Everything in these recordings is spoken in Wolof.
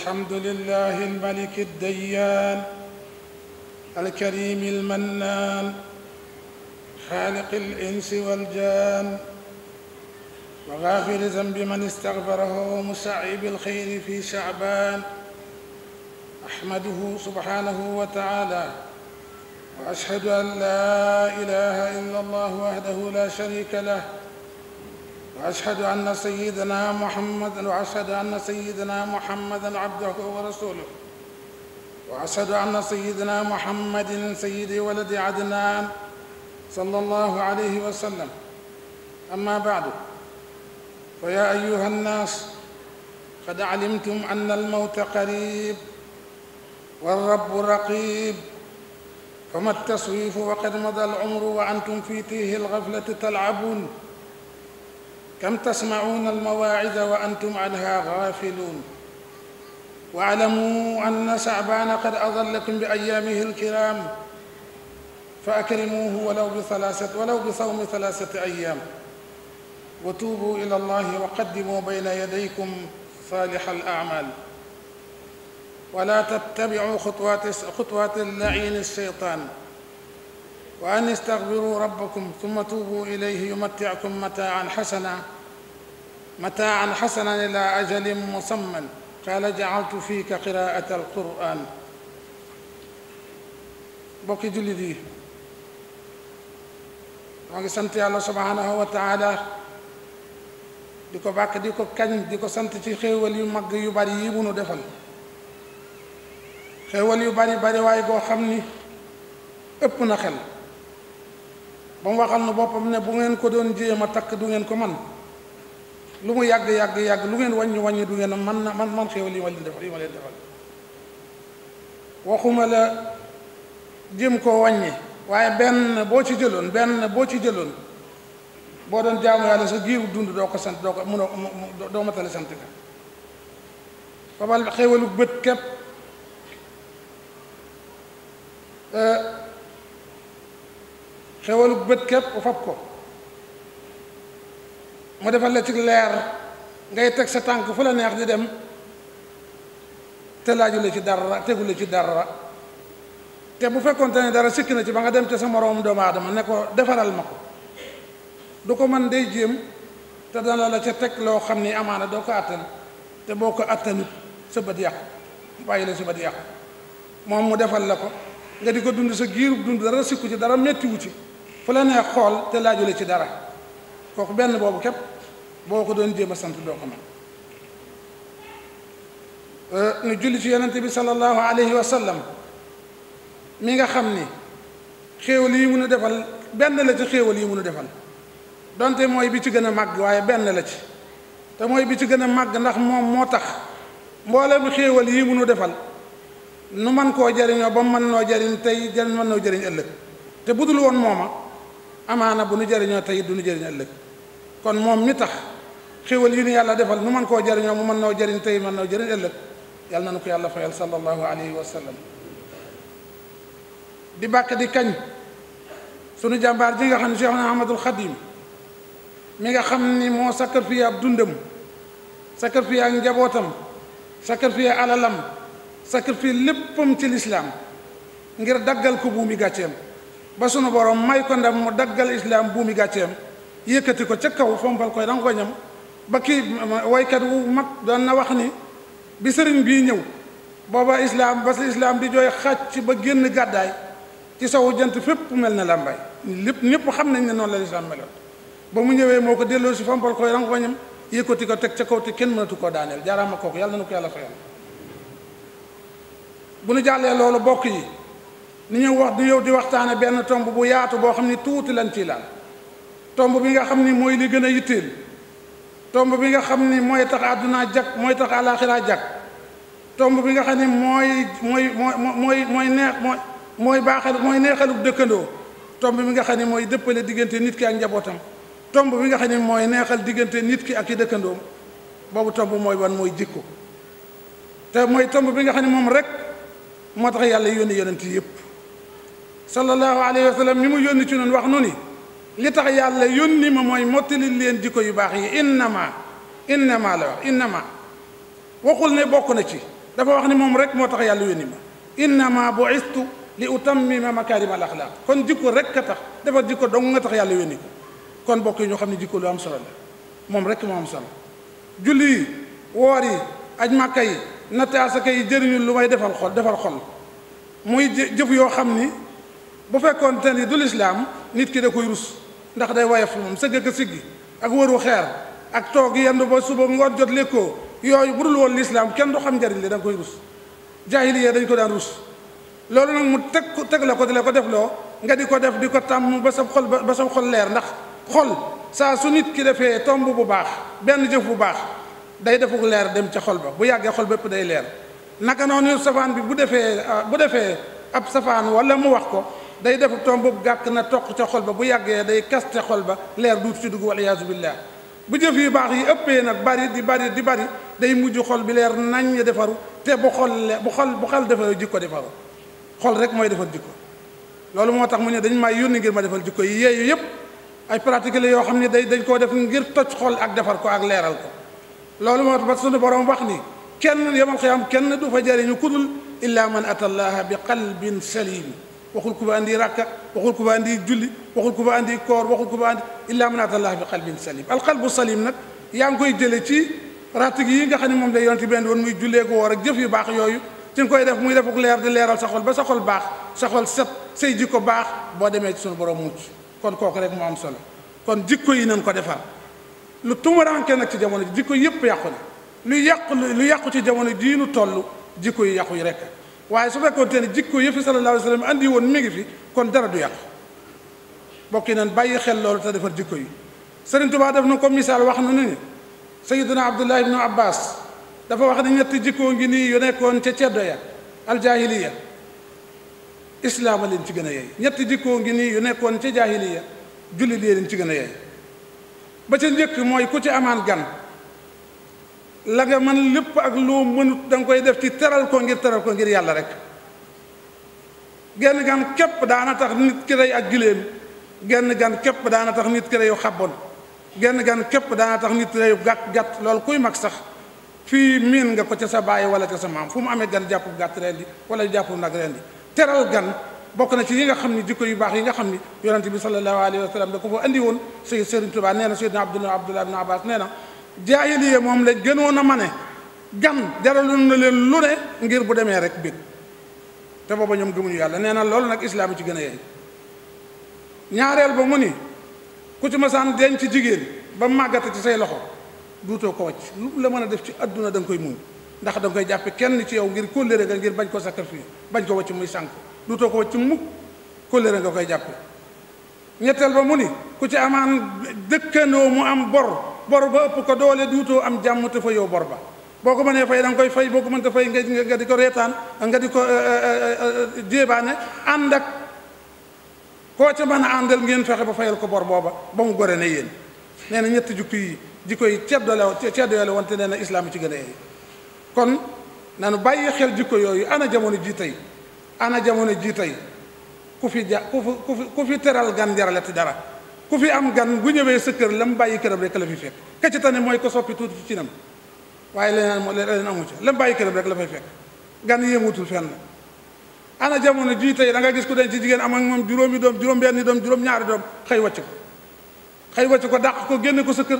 الحمد لله الملك الديان الكريم المنان خالق الإنس والجان وغافر ذنب من استغفره مسعب الخير في شعبان أحمده سبحانه وتعالى وأشهد أن لا إله إلا الله وحده لا شريك له أشهد أن سيدنا محمد وأشهد أن سيدنا محمدا عبده ورسوله وأشهد أن سيدنا محمد سيد ولد عدنان صلى الله عليه وسلم أما بعد فيا أيها الناس قد علمتم أن الموت قريب والرب رقيب فما التسويف وقد مضى العمر وأنتم في تيه الغفلة تلعبون كم تسمعون المواعظ وأنتم عنها غافلون واعلموا أن شعبان قد أظلكم بأيامه الكرام فأكرموه ولو بثلاثة ولو بصوم ثلاثة أيام وتوبوا إلى الله وقدموا بين يديكم صالح الأعمال ولا تتبعوا خطوات خطوات اللعين الشيطان وأن استغفروا ربكم ثم توبوا إليه يمتعكم متاعا حسنا متاعا حسنا إلى أجل مسمى قال جعلت فيك قراءة القرآن bokki jullit yi maa ngi sant yàlla subhaanahu wa taala di ko bàkk di ko kañ di ko sant ci xéewal yu mag yu bari yi munu defal xéewal yu bari bari waaye boo xam ni ëpp na ba mu waxal nu boppam ne bu ngeen ko doon jéem a takk du ngeen ko man lu mu yàgg yàgg yàgg lu ngeen wàññi wàññi du ngeen man na man man xéewal yi ma leen defal yi ma leen la jéem koo wàññi waaye benn boo ci jëloon benn boo ci jëloon boo doon jaamu yàlla sa jiiru dund doo ko sant doo ko mënoo doo matale sant ka babal xéewalu bët képp euh, xewalu bët képp fab ko mu defal la ci leer ngay teg sa tànk fu la neex di dem te laaju la ci dara tegu la ci dara te bu fekkonte ne dara sikk na ci ba nga dem te sa moroom doomu aadama ne ko defaral ma ko du ko mën dey jéem te dana la ca teg loo xam ni amaana doo ko àttan te boo ko àttanut sa bët yàqu bàyyi la sa bët yàqu moom mu defal la ko nga di ko dund sa giirub dund dara sikku ci dara mettiwu ci fu la nee xool te laajule ci dara kooku benn boobu képp boo ko doon jéem a sant doo ko mën nu julli ci yonente bi sallallahu alayhi wa sallam mi nga xam ni xéewal yi mun a defal benn la ci xéewal yi mun a defal donte mooy bi ci gën a màgg waaye benn la ci te mooy bi ci gën a màgg ndax moom moo tax mboolem xéewal yi munu defal nu man koo jariñoo ba mu mën noo jariñ tey jariñ mën noo jariñ ëllëg te budul woon mooma amaana bu nu jariñoo tey du nu jëriñ ëllëg kon moom mi tax xéwal yu nu yàlla defal nu mën koo jëriñoo mu mën noo jariñ tey mën noo jëriñ ëllëg yàlla na ko yàlla fayal sallallahu alayhi wa sallam di bàkk di kañ sunu jàmbaar ji nga xam ne Cheikh Ahmadul nga xam ni moo sacrifié ab dundam sacrifié ak njabootam sacrifié alalam sacrifié léppam ci lislaam ngir daggal ko buumi gàcceem ba sunu borom may ko ndam mu daggal islaam buumi gàcceem yëkkati ko ca kaw fompal koy danga ko ba kii waykat wu mag doon na wax ni bi sëriñ bii ñëw booba islaam ba si islaam di jooy xàcc ba génn gàddaay ci sowu jant fépp mel na làmbaay lépp ñépp xam nañ ne noonu la lislaam meloon ba mu ñëwee moo ko delloo si fompal koy danga ko yëkkati ko teg ca kaw te kenn mënatu koo daaneel jaaraama kooku yàlla na ko yàlla fayal bu nu jàllee loolu bokk yi ni ñëw wax di yow di waxtaane benn tomb bu yaatu boo xam ni tuuti lan ci laal tomb bi nga xam ni mooy li gën a yitteel tomb bi nga xam ni mooy tax àdduna jag mooy tax àllaaxira jag tomb bi nga xam ni mooy mooy mooy neex mooy mooy baaxal mooy neexalub dëkkandoo tomb bi nga xam ni mooy dëppale diggante nit ki ak njabootam tomb bi nga xam ni mooy neexal diggante nit ki ak dëkkandoo boobu tomb mooy wan mooy jikko te mooy tomb bi nga xam ni moom rek moo tax yàlla yónni yonent yépp sallallahu alayhi wa sallam mi mu yónni ci noonu wax nu li tax yàlla yónni ma mooy mottali leen jikko yu baax yi innama innama la wax innama waxul ne bokk na ci dafa wax ni moom rek moo tax yàlla yónni ma innama bu'istu li utammima makarima al axlaq kon jikko rek a tax dafa jikko dong nga tax yàlla ko kon ñoo xam ne jikko lu am solo la moom rek moo am solo julli yi woor yi aj màkka yi natt asaka yi jëriñu lu may defal xol defal xol muy jëf yoo xam ni bu fekkoon te ni du lislaam nit ki da koy rus ndax day wayaf moom sëgg ak siggi ak wëru xeer ak toog yenn ba suba ngoon jot lekkoo yooyu bu dul woon lislaam kenn du xam njariñ li da nga koy rus jaahiliya dañ ko daan rus loolu nag mu teg teg la ko di la ko def loo nga di ko def di ko tàmm ba sa xol ba sa xol leer ndax xol saa su nit ki defee tomb bu baax benn jëf bu baax day defuk leer dem ca xol ba bu yàggee xol bépp day leer naka noonu safaan bi bu defee ah, bu defee ab safaan wala mu wax ko day def toom bu gàkk na toq ca xol ba bu yàggee day kaste xol ba leer duut ci dugg wal iyaazu billaah bu jëf yu baax yi ëppee nag bari di bari di bari day mujj xol bi leer naññ defaru te bu xol bu xol bu xal defaru jikko defaru xol rek mooy defar jikko loolu moo tax mu ne dañ may yónni ngir ma defal jikko yi yooyu yëpp ay pratique la yoo xam ne day dañ koo def ngir toj xol ak defar ko ak leeral ko loolu moo tax ba sunu borom wax ni kenn yomal xiyaam kenn du fa jariñu kudul illa man ata allaha bi qalbin salim waxul ku fa andi rakka waxul ku fa andi julli waxul ku fa andi koor waxul ku fa andi illaa man ata allah bi qalbin salim alqalbu salim nag yaa ngi koy jële ci pratique yi nga xam ne moom la yonent benn woon muy julleeku woor ak jëf yu baax yooyu ci nga koy def muy defuk leer di leeral sa ba sa xol baax sa xol set say jikko baax boo demee ci sunu borom mucc kon kooku rek moo am solo kon jikko yi nañ ko defar lu tumuranke nag ci jamono ji jikko yëpp yàqu na lu lu yàqu ci jamono jii nu toll jikko yi yàqu yi rek waaye su fekkoonte ne jikkoo yëfi sallallahu alayhi wa sallam andi woon mi ngi fi kon dara du yàqu mbokk yi nan bàyyi xel loolu te defar jikko yi Sëriñ Tuubaa def na ko misaal wax na ne Sayyiduna Abdullah ibnu Abbas dafa wax ne ñetti jikkoo ngi nii yu nekkoon ca ceddo ya aljaahiliya islaama leen ci gën a yey ñetti jikkoo ngi nii nekkoon ca jaahiliya julli leen ci gën a yey ba ca njëkk mooy ku ci amaan gan la nga mën lépp ak loo mënut da nga koy def ci teral ko ngir teral ko ngir yàlla rek genn gan képp daana tax nit ki ak giléem genn gan képp daana tax nit ki reyu xabbon genn gan képp daana tax nit ki reyu gàtt-gàtt lool kuy mag sax fii miin nga ko ca sa baay wala ca sa maam fu mu amee gan jàpp gàtt ren di wala jàpp nag ren di teral gan bokk na ci yi nga xam ni jikko yu baax yi nga xam ni yonente bi sallallahu alayhi wa sallam da ko fa andi woon sëy Sëriñ Tuubaa nee na Seydina Abdullah Abdullah nee na jaahiliya moom lañ gënoon a mane gan jaraloon na leen lu ne ngir bu demee rek bég te booba ñoom gëmuñu yàlla nee na loolu nag islaam ci gën a yey ñaareel ba mu ni ku ci masaan denc ci jigéen ba màggate ci say loxo duutoo ko wacc lu la mën a def ci àdduna da koy muñ ndax da koy jàppe kenn ci yow ngir kóllëre nga ngir bañ ko sacrifice bañ ko wacc muy sànk duutoo ko wacc mukk kóllëre nga koy jàppe ñetteel ba mu ni ku ci amaan dëkkandoo mu am bor bor ba ëpp ko doole duutoo am jàmm te yow bor ba boo ko mënee fay da nga koy fay boo ko mënta fay nga nga di ko reetaan nga di ko eh, eh, eh, jéebaane ànd ak koo ca mën a àndal ngeen fexe ba fayal ko bor booba ba mu gore ne yéen nee na ñetti jukki yi di koy ceddale ceddoyale wante nee na islaam ci gën a yey kon nanu bàyyi xel jikko yooyu ana jamono ji tey ana jamono ji tey ku fi ja ku fi ku fi teral gan jaralati dara ku fi am gan bu ñëwee sa kër la mu bàyyi këram rek la fi fekk ka ca mooy ko soppi tuuti ci cinam waaye leneen leneen amu ci la mu bàyyi këram rek la fay fekk gan yéemutul fenn ana jamono jii tey da nga gis ku denc jigéen am ak moom juróomi doom juróom-benni doom juróom-ñaari doom xëy wàcc ko xëy wàcc ko dàq ko génne ko sa kër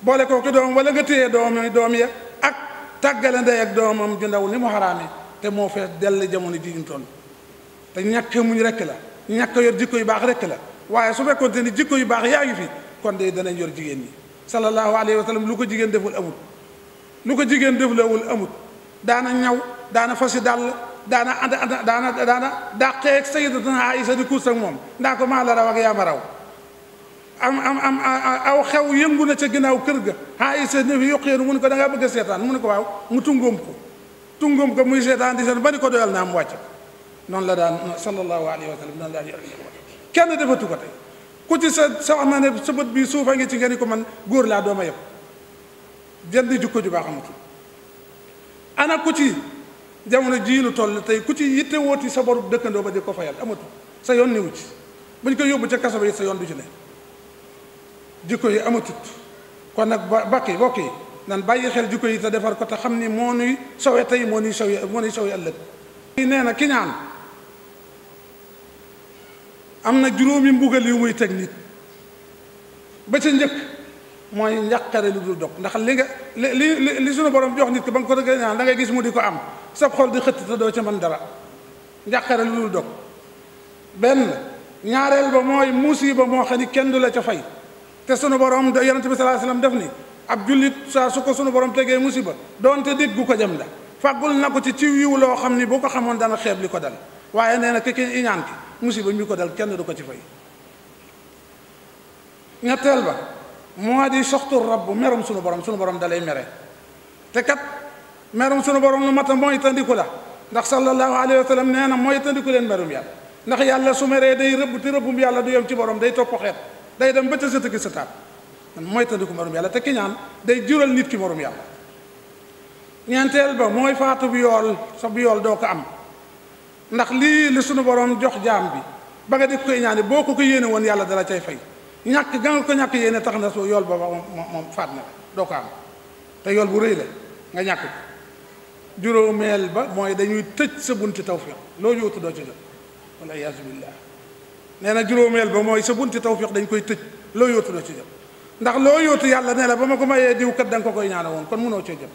boole ko ki doom wala nga téye doom doom ya ak tàggale ndey ak doomam ju ni mu xaraame te moo fees dell jamono ji ñu toll te ñàkk muñ rekk la ñàkk yor yu baax rekk la waaye su fekkoon te ni jikko yu baax yaa ngi fi kon de danañ yor jigéen ñi sallallahu alayhi wa sallam lu ko jigéen deful amut lu ko jigéen deflewul amut daana ñaw daana fasi dàll daana and daana daana dàqeeg sayyidatuna Aïsa di kuus ak moom ndaa ko maa la raw ak yaa raw am am am aw xew yëngu na ca ginnaaw kër ga Aïsa ne fi yoqeenu mu ne ko da ngaa bëgg a seetaan mu ne ko waaw mu tungoom ko tungoom ko muy seetaan di seen ba ni ko doyal na mu wàcc noonu la daan sallallahu alayhi wa sallam noonu la kenn defatu ko tey ku ci sa sa wax naa ne sa bët bi a ngi ci nga ni ko man góor laa dooma yëpp jënd jukko ji baax amatul ana ku ci jamono jii lu toll tey ku ci yitte wooti sa borub dëkkandoo ba di ko fayal amatul sa yoon niwu ci buñ ko yóbbu ca kaso ba it sa yoon du ci ne jikko yi amatut kon nag ba bakki bokk yi nan bàyyi xel jikko yi te defar ko te xam ni moo nuy sowe tey moo nuy sowe moo nuy sowe nee na ki ñaan am na juróomi mbugal yu muy teg nit ba ca njëkk mooy njàqare lu dul dog ndax li nga li li li sunu borom jox nit ko ba nga ko dëgg ñaan da ngay gis mu di ko am sab xol di xëtt te doo ca mën dara njàqare lu dul dog benn ñaareel ba mooy musiba moo xam ni kenn du la ca fay te sunu borom da yonente bi sallallahu alayhi def ni ab jullit saa su ko sunu borom tegee musiba doonte dégg gu ko jëm la fàggul na ko ci ci yiw loo xam ni boo ko xamoon dana xeeb li ko dal waaye nee na ki ki iñaan ki musiba mi ko dal kenn du ko ci fay ñetteel ba moo di soxtu rabb merum sunu borom sunu borom dalay mere te kat merum sunu borom lu mat a mooy tandiku la ndax sallallahu alayhi wa sallam nee na mooy tandiku leen merum yàlla ndax yàlla su meree day rëbb te rëbbum yàlla du yem ci borom day topp xeet day dem ba ca sa tëkki sa taat mooy tandiku merum yàlla te ki ñaan day jural nit ci merum yàlla ñeenteel ba mooy faatu bu yool sa bu yool doo ko am ndax lii li suñu borom jox jaam bi ba nga def koy ñaani boo ko ko yéene woon yàlla dala cay fay ñàkk ga nga ko ñàkk tax na soo yool booba moom moom faat na la doo bu rëy la nga ñàkk ko juróomeel ba mooy dañuy tëj sa bunti tawfiq loo ñu wutu doo ci jot wala yaasu billah nee na juróomeel ba mooy sa bunti tawfiq dañ koy tëj loo ndax loo yóotu yàlla ne la ba ma ko mayee diw kat da koy ñaana woon kon munoo cee jot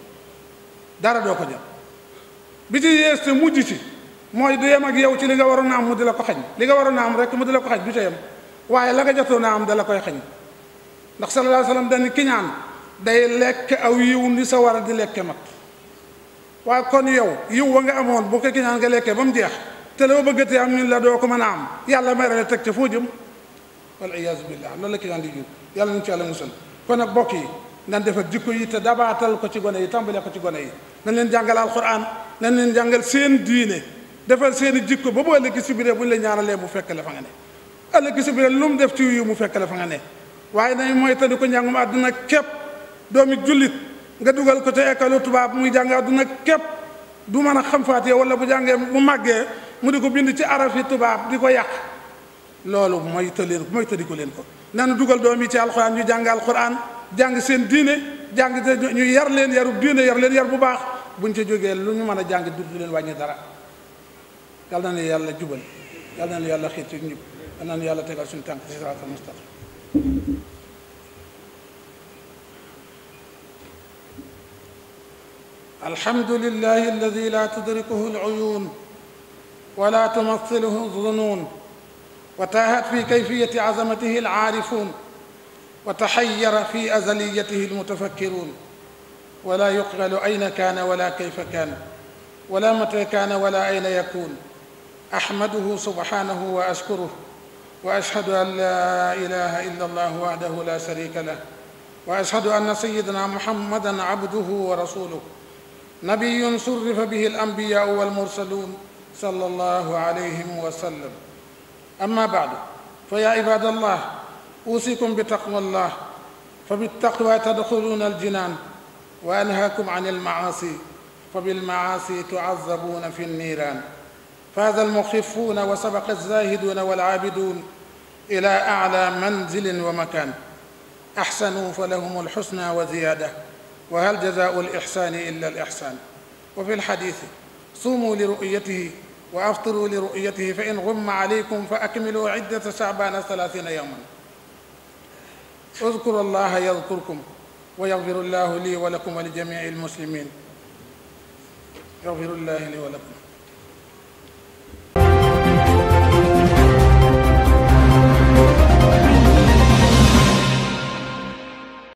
dara doo ko jot bi ci yees te mujj ci mooy du yem ak yow ci li nga waroon a am mu di la ko xañ li nga waroon a am rek mu di la ko xañ du ca yem waaye la nga jotoon a am da la koy xañ ndax sallallahu alayhi wa kiñaan day lekk aw yiw ni sa war a di lekke mat kon yow yiw wa nga amoon bu ko kiñaan nga lekkee ba mu jeex te loo bëggatee am ñun la ko mën a am yàlla may la teg ca foo jëm wala iyaazu billah la kiñaan di jur yàlla ñu ci yàlla musal kon nag bokk yi nan defar jikko yi te dabaatal ko ci gone yi tàmbale ko ci gone yi nañ leen jàngal alquran nañ leen jàngal seen diine defal seeni jikko ba mu ëllëg si bu ñu la ñaanalee mu fekk la fa nga ne ëllëg si biir lu mu def ci yu mu fekk fa nga ne waaye nañ mooy tandi ko njàngum àdduna képp doomi jullit nga dugal ko ca école tubaab muy jàng àdduna képp du mën a xam faatee wala bu jàngee bu màggee mu di ko bind ci arafi tubaab di ko yàq loolu mooy të leen mooy tëddi ko leen ko nanu dugal doom yi ci alxuraan ñu jàng alxuraan jàng seen diine jàng ñu yar leen yarub diine yar leen yar bu baax bu buñ ca jógee lu ñu mën a jàng du leen wàññi dara yal na la yàlla jubal yal na la yàlla xiir ci njub yal na la yàlla tegal suñu tànk ci siraatal mustaqim alhamdulillahi alladi la tudrikuhu al-uyun wa la tumathiluhu az-zunun wa taahat fi kayfiyati azamatihi al-aarifun wa taxayyara fi azaliyatihi al-mutafakkirun wa la yuqbalu ayna kaana wa la kayfa kaana wa la mata kaana wa la ayna yakun أحمده سبحانه وأشكره وأشهد أن لا إله إلا الله وحده لا شريك له وأشهد أن سيدنا محمدا عبده ورسوله نبي صرف به الأنبياء والمرسلون صلى الله عليهم وسلم أما بعد فيا عباد الله أوصيكم بتقوى الله فبالتقوى تدخلون الجنان وأنهاكم عن المعاصي فبالمعاصي تعذبون في النيران فاز المخفون وسبق الزاهدون والعابدون إلى أعلى منزل ومكان أحسنوا فلهم الحسنى وزيادة وهل جزاء الإحسان إلا الإحسان وفي الحديث صوموا لرؤيته وأفطروا لرؤيته فإن غم عليكم فأكملوا عدة شعبان ثلاثين يوما اذكروا الله يذكركم ويغفر الله لي ولكم ولجميع المسلمين يغفر الله لي ولكم